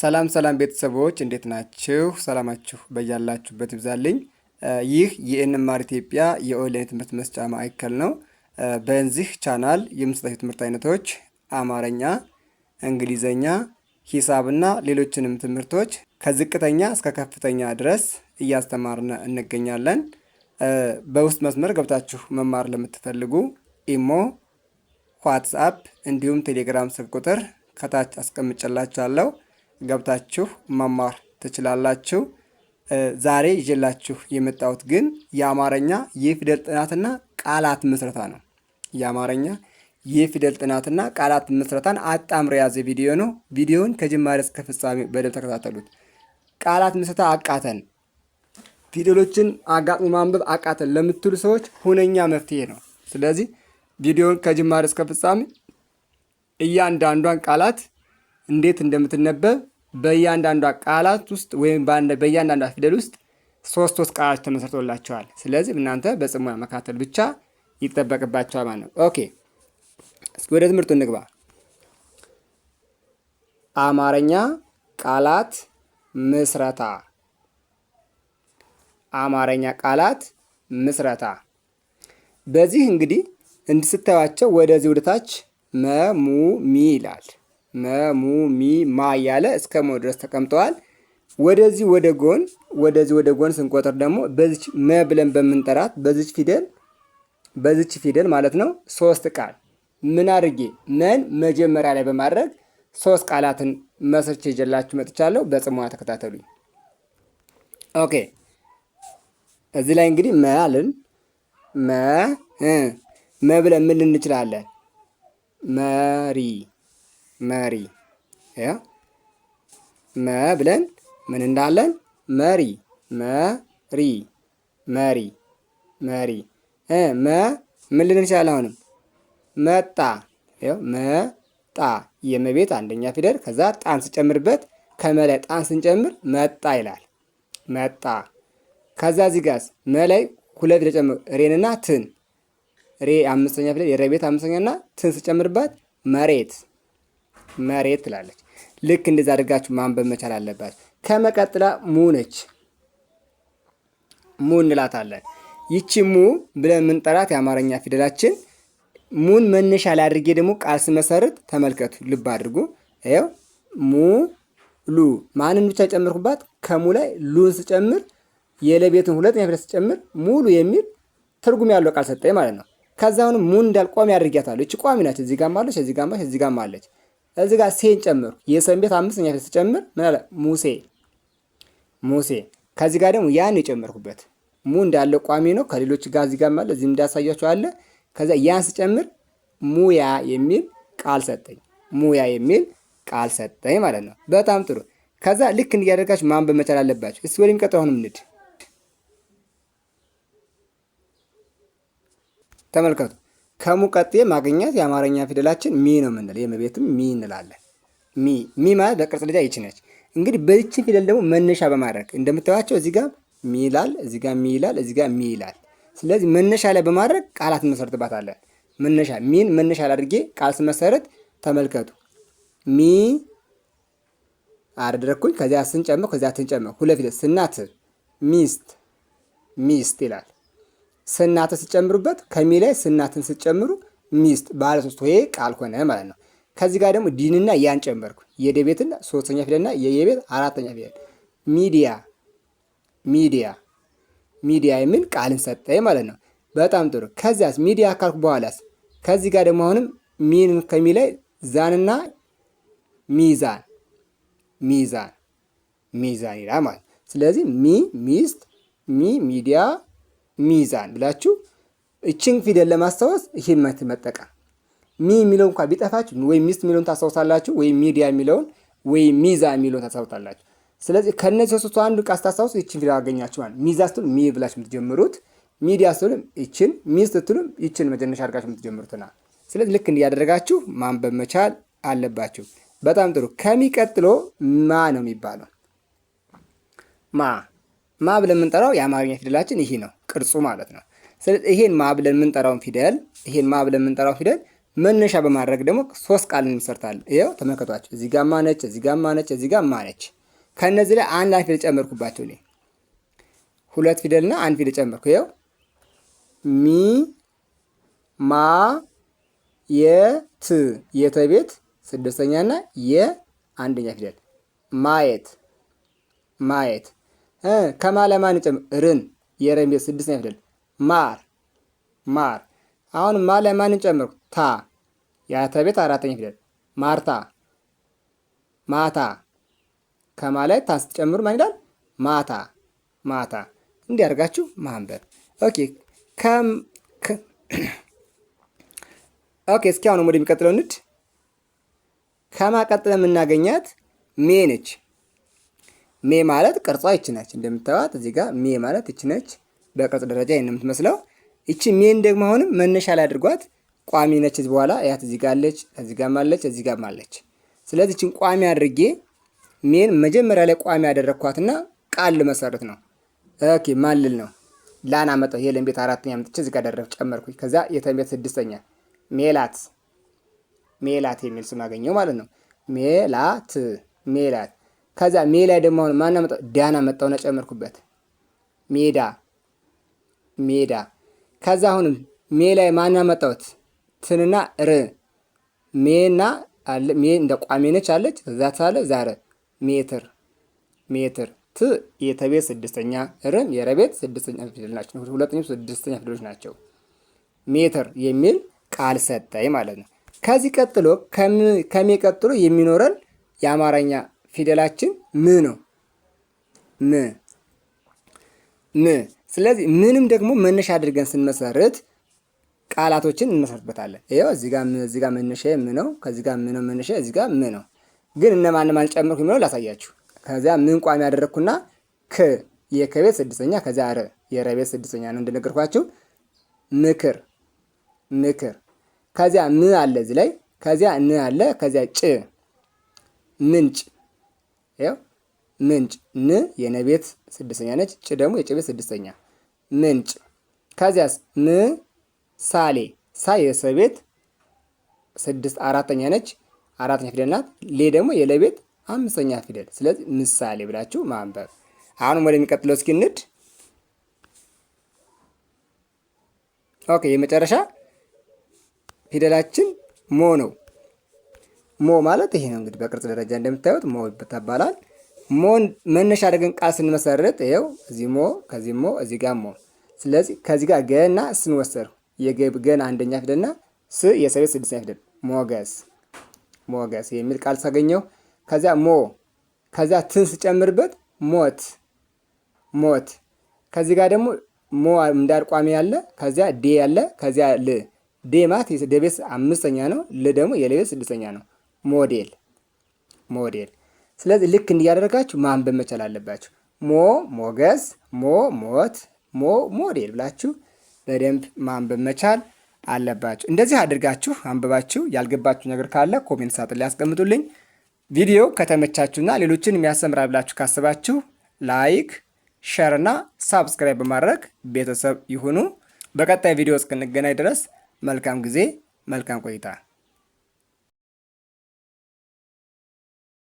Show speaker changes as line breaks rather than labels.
ሰላም ሰላም ቤተሰቦች እንዴት ናችሁ? ሰላማችሁ በያላችሁበት ይብዛልኝ። ይህ የእንማር ኢትዮጵያ የኦንላይን ትምህርት መስጫ ማዕከል ነው። በዚህ ቻናል የምሰጣቸው ትምህርት አይነቶች አማርኛ፣ እንግሊዘኛ፣ ሂሳብና ሌሎችንም ትምህርቶች ከዝቅተኛ እስከ ከፍተኛ ድረስ እያስተማርን እንገኛለን። በውስጥ መስመር ገብታችሁ መማር ለምትፈልጉ ኢሞ፣ ዋትስአፕ እንዲሁም ቴሌግራም ስልክ ቁጥር ከታች አስቀምጬላችኋለሁ። ገብታችሁ መማር ትችላላችሁ። ዛሬ ይዤላችሁ የመጣሁት ግን የአማርኛ የፊደል ጥናትና ቃላት ምስረታ ነው። የአማርኛ የፊደል ጥናትና ቃላት ምስረታን አጣምሮ የያዘ ቪዲዮ ነው። ቪዲዮውን ከጅማሬ እስከ ፍጻሜ በደንብ ተከታተሉት። ቃላት ምስረታ አቃተን፣ ፊደሎችን አጋጥሞ ማንበብ አቃተን ለምትሉ ሰዎች ሁነኛ መፍትሄ ነው። ስለዚህ ቪዲዮውን ከጅማሬ እስከ ፍጻሜ እያንዳንዷን ቃላት እንዴት እንደምትነበብ በእያንዳንዷ ቃላት ውስጥ ወይም በእያንዳንዷ ፊደል ውስጥ ሶስት ሶስት ቃላት ተመሰርቶላቸዋል። ስለዚህ እናንተ በጽሙና መካተል ብቻ ይጠበቅባቸዋል ማለት ነው። ኦኬ፣ ወደ ትምህርቱ እንግባ። አማርኛ ቃላት ምስረታ አማርኛ ቃላት ምስረታ። በዚህ እንግዲህ እንድስታዩዋቸው ወደዚህ ወደታች መሙሚ ይላል። መሙሚ ማ እያለ እስከ ሞ ድረስ ተቀምጠዋል። ወደዚህ ወደ ጎን ወደዚህ ወደ ጎን ስንቆጥር ደግሞ በዚች መ ብለን በምንጠራት በዚች ፊደል በዚች ፊደል ማለት ነው ሶስት ቃል ምን አድርጌ መን መጀመሪያ ላይ በማድረግ ሶስት ቃላትን መስርች ይዤላችሁ መጥቻለሁ። በጽሞና ተከታተሉኝ። ኦኬ እዚህ ላይ እንግዲህ መ አልን መ መ ብለን ምን ልንችላለን? መሪ መሪ መ ብለን ምን እንዳለን መሪ መሪ መሪ መሪ መ ምን ልንል እንችላለን? አሁንም መጣ መጣ የመቤት አንደኛ ፊደል ከዛ ጣን ስጨምርበት ከመላይ ጣን ስንጨምር መጣ ይላል። መጣ ከዛ እዚህ ጋርስ መላይ ሁለት ፊደል ጨምር ሬንና ትን ሬ አምስተኛ ፊደል የረቤት አምስተኛና ትን ስጨምርባት መሬት መሬት ትላለች። ልክ እንደዛ አድርጋችሁ ማንበብ መቻል አለባችሁ። ከመቀጥላ ሙ ነች። ሙ እንላታለን። ይቺ ሙ ብለን የምንጠራት የአማርኛ ፊደላችን ሙን መነሻ ላይ አድርጌ ደግሞ ቃል ስመሰርት ተመልከቱ፣ ልብ አድርጉ። ይኸው ሙ ሉ ማንን ብቻ ጨምርኩባት? ከሙ ላይ ሉን ስጨምር የለቤትን ሁለተኛ ፊደል ስጨምር ሙሉ የሚል ትርጉም ያለው ቃል ሰጠኝ ማለት ነው። ከዛ አሁንም ሙን እንዳል ቋሚ አድርጊያታለሁ። እቺ ቋሚ ናቸው። እዚህ ጋም አለች፣ እዚህ ጋም አለች፣ እዚህ አለች። እዚ ጋር ሴን ጨምሩ። የሰን ቤት አምስተኛ ፊደል ስጨምር ምን አለ? ሙሴ ሙሴ። ከዚ ጋር ደግሞ ያን የጨመርኩበት ሙ እንዳለ ቋሚ ነው። ከሌሎች ጋር እዚህ ጋር ማለት እዚህ እንዳሳያቸው አለ። ከዚ ያን ስጨምር ሙያ የሚል ቃል ሰጠኝ። ሙያ የሚል ቃል ሰጠኝ ማለት ነው። በጣም ጥሩ። ከዛ ልክ እንዲያደርጋችሁ ማንበብ መቻል አለባችሁ። እስኪ ወደሚቀጥለው አሁንም ንድ ተመልከቱ ከሙቀጤ ማግኘት የአማርኛ ፊደላችን ሚ ነው የምንል የመቤትም ሚ እንላለን። ሚ ሚ ማለት በቅርጽ ደረጃ ይቺ ነች። እንግዲህ በይችን ፊደል ደግሞ መነሻ በማድረግ እንደምታዩቸው እዚህ ጋር ሚ ይላል፣ እዚህ ጋር ሚ ይላል፣ እዚህ ጋር ሚ ይላል። ስለዚህ መነሻ ላይ በማድረግ ቃላት እንመሰርትባታለን። መነሻ ሚን መነሻ ላይ አድርጌ ቃል ስመሰረት ተመልከቱ። ሚ አደረግኩኝ። ከዚያ ስንጨምር ከዚያ ትንጨምር ሁለት ፊደል ስናት ሚስት ሚስት ይላል። ስናት ስጨምሩበት ከሚ ላይ ስናትን ስጨምሩ ሚስት ባለ ሶስት ሆሄ ቃል ሆነ ማለት ነው። ከዚህ ጋር ደግሞ ዲንና ያን ጨመርኩ ቤትና ሶስተኛ ፊደልና የየ ቤት አራተኛ ፊደል ሚዲያ ሚዲያ ሚዲያ የሚል ቃልን ሰጠ ማለት ነው። በጣም ጥሩ። ከዚያስ ሚዲያ ካልኩ በኋላስ ከዚህ ጋር ደግሞ አሁንም ሚን ከሚ ላይ ዛንና ሚዛን ሚዛን ሚዛን ይላል ማለት። ስለዚህ ሚ ሚስት፣ ሚ ሚዲያ ሚዛን ብላችሁ እችን ፊደል ለማስታወስ ሂመት መጠቀም። ሚ የሚለው እንኳ ቢጠፋችሁ ወይም ሚስት የሚለውን ታስታውሳላችሁ፣ ወይም ሚዲያ የሚለውን ወይም ሚዛ የሚለውን ታስታውሳላችሁ። ስለዚህ ከእነዚህ ሶስቱ አንዱ ቃ ታስታውሱ ይችን ፊደል አገኛችኋል። ሚዛ ስትሉ ሚ ብላችሁ የምትጀምሩት ሚዲያ ስትሉም ይችን ሚስት ስትሉም ይችን መጀመሻ አድርጋችሁ የምትጀምሩትና ስለዚህ ልክ እንዲያደረጋችሁ ማንበብ መቻል አለባችሁ። በጣም ጥሩ። ከሚቀጥሎ ማ ነው የሚባለው ማ ማ ብለን የምንጠራው የአማርኛ ፊደላችን ይሄ ነው፣ ቅርጹ ማለት ነው። ይሄን ማ ብለን የምንጠራውን ፊደል ይሄን ማ ብለን የምንጠራው ፊደል መነሻ በማድረግ ደግሞ ሶስት ቃል እንሰርታለን። ይኸው ተመልከቷቸው። እዚህ ጋር ማነች፣ እዚህ ጋር ማነች፣ እዚህ ጋር ማነች። ከእነዚህ ላይ አንድ አንድ ፊደል ጨመርኩባቸው። እኔ ሁለት ፊደልና አንድ ፊደል ጨመርኩ። ይኸው ሚ ማ የት የተቤት ስድስተኛና የአንደኛ ፊደል ማየት ማየት ከማ ለማን ይጨም ርን የረሜ ስድስት ስድስተኛ ፊደል ማር ማር። አሁን ማ ለማን ታ ያተ ቤት አራተኛ ፊደል ማርታ ማታ። ከማ ላይ ታ ስትጨምሩ ማን ይላል? ማታ ማታ። እንዲህ አድርጋችሁ ማንበብ። ኦኬ ከም ኦኬ። እስኪ አሁንም ወደሚቀጥለው ከማ ቀጥለን የምናገኛት ሜ ነች። ሜ ማለት ቅርጿ ይች ነች እንደምታዩት እዚህ ጋር ሜ ማለት ይች ነች። በቅርጽ ደረጃ ይህን የምትመስለው ይቺ ሜን ደግሞ አሁንም መነሻ ላይ አድርጓት ቋሚ ነች። እዚህ በኋላ ያት እዚህ ጋር አለች፣ እዚህ ጋር አለች፣ እዚህ ጋር አለች። ስለዚህ ይችን ቋሚ አድርጌ ሜን መጀመሪያ ላይ ቋሚ ያደረግኳትና ቃል ልመሰርት ነው። ኦኬ ማልል ነው ላና አመጣሁ። የለን ቤት አራተኛ አምጥቼ እዚህ ጋር ደረፍ ጨመርኩኝ። ከዛ የተን ስድስተኛ ሜላት ሜላት የሚል ስም አገኘው ማለት ነው። ሜላት ሜላት ከዛ ሜ ላይ ደግሞ አሁን ማና መጣው ዳና መጣውና ጨመርኩበት። ሜዳ ሜዳ። ከዛ አሁን ሜ ላይ ማና መጣውት ትንና ር ሜና አለ ሜ እንደ ቋሜ ነች አለች። ከዛ ታለ ዛረ ሜትር ሜትር ት የተቤት ስድስተኛ ርም የረቤት ስድስተኛ ፊደል ናቸው። ሁለተኛ ስድስተኛ ፊደሎች ናቸው። ሜትር የሚል ቃል ሰጠኝ ማለት ነው። ከዚህ ቀጥሎ ከሚቀጥሎ የሚኖረን የአማርኛ ፊደላችን ም ነው። ም ም። ስለዚህ ምንም ደግሞ መነሻ አድርገን ስንመሰርት ቃላቶችን እንመሰርትበታለን። ይኸው እዚህ ጋር እዚህ ጋር መነሻ ም ነው። ከዚህ ጋር ም ነው መነሻ፣ እዚህ ጋር ም ነው። ግን እነማን እነማን ጨምርኩ የሚለው ላሳያችሁ። ከዚያ ምን ቋሚ ያደረግኩና ክ የከቤት ስድስተኛ ከዚያ ረ የረቤት ስድስተኛ ነው እንደነገርኳችሁ። ምክር ምክር። ከዚያ ም አለ እዚህ ላይ ከዚያ ን አለ ከዚያ ጭ ምንጭ ያው ምንጭ ን የነቤት ስድስተኛ ነች። ጭ ደግሞ የጭቤት ስድስተኛ ምንጭ። ከዚያስ ሳሌ ሳ የሰቤት ስድስት አራተኛ ነች። አራተኛ ፊደል ናት። ሌ ደግሞ የለቤት አምስተኛ ፊደል። ስለዚህ ምሳሌ ብላችሁ ማንበብ። አሁንም ወደሚቀጥለው እስኪንድ ኦኬ የመጨረሻ ፊደላችን ሞ ነው። ሞ ማለት ይሄ ነው እንግዲህ በቅርጽ ደረጃ እንደምታዩት ሞ ይባላል። ሞ መነሻ አድርገን ቃል ስንመሰርት ይኸው እዚህ ሞ ከዚህ ሞ እዚህ ጋር ሞ። ስለዚህ ከዚህ ጋር ገና ስን ወሰር የገን አንደኛ ፊደልና ስ የሰቤት ስድስተኛ ፊደል ሞገስ ሞገስ የሚል ቃል ሳገኘው ከዚያ ሞ ከዚያ ትን ስጨምርበት ሞት ሞት። ከዚህ ጋር ደግሞ ሞ እንዳር ቋሚ ያለ ከዚያ ዴ ያለ ከዚያ ል ዴ ማት ደቤት አምስተኛ ነው። ል ደግሞ የለቤት ስድስተኛ ነው። ሞዴል ሞዴል። ስለዚህ ልክ እንዲያደርጋችሁ ማንበብ መቻል አለባችሁ። ሞ ሞገስ፣ ሞ ሞት፣ ሞ ሞዴል ብላችሁ በደንብ ማንበብ መቻል አለባችሁ። እንደዚህ አድርጋችሁ አንብባችሁ ያልገባችሁ ነገር ካለ ኮሜንት ሳጥን ላይ ያስቀምጡልኝ። ቪዲዮ ከተመቻችሁና ሌሎችን የሚያስተምራ ብላችሁ ካስባችሁ ላይክ፣ ሼር እና ሳብስክራይብ በማድረግ ቤተሰብ ይሁኑ። በቀጣይ ቪዲዮ እስክንገናኝ ድረስ መልካም ጊዜ፣ መልካም ቆይታ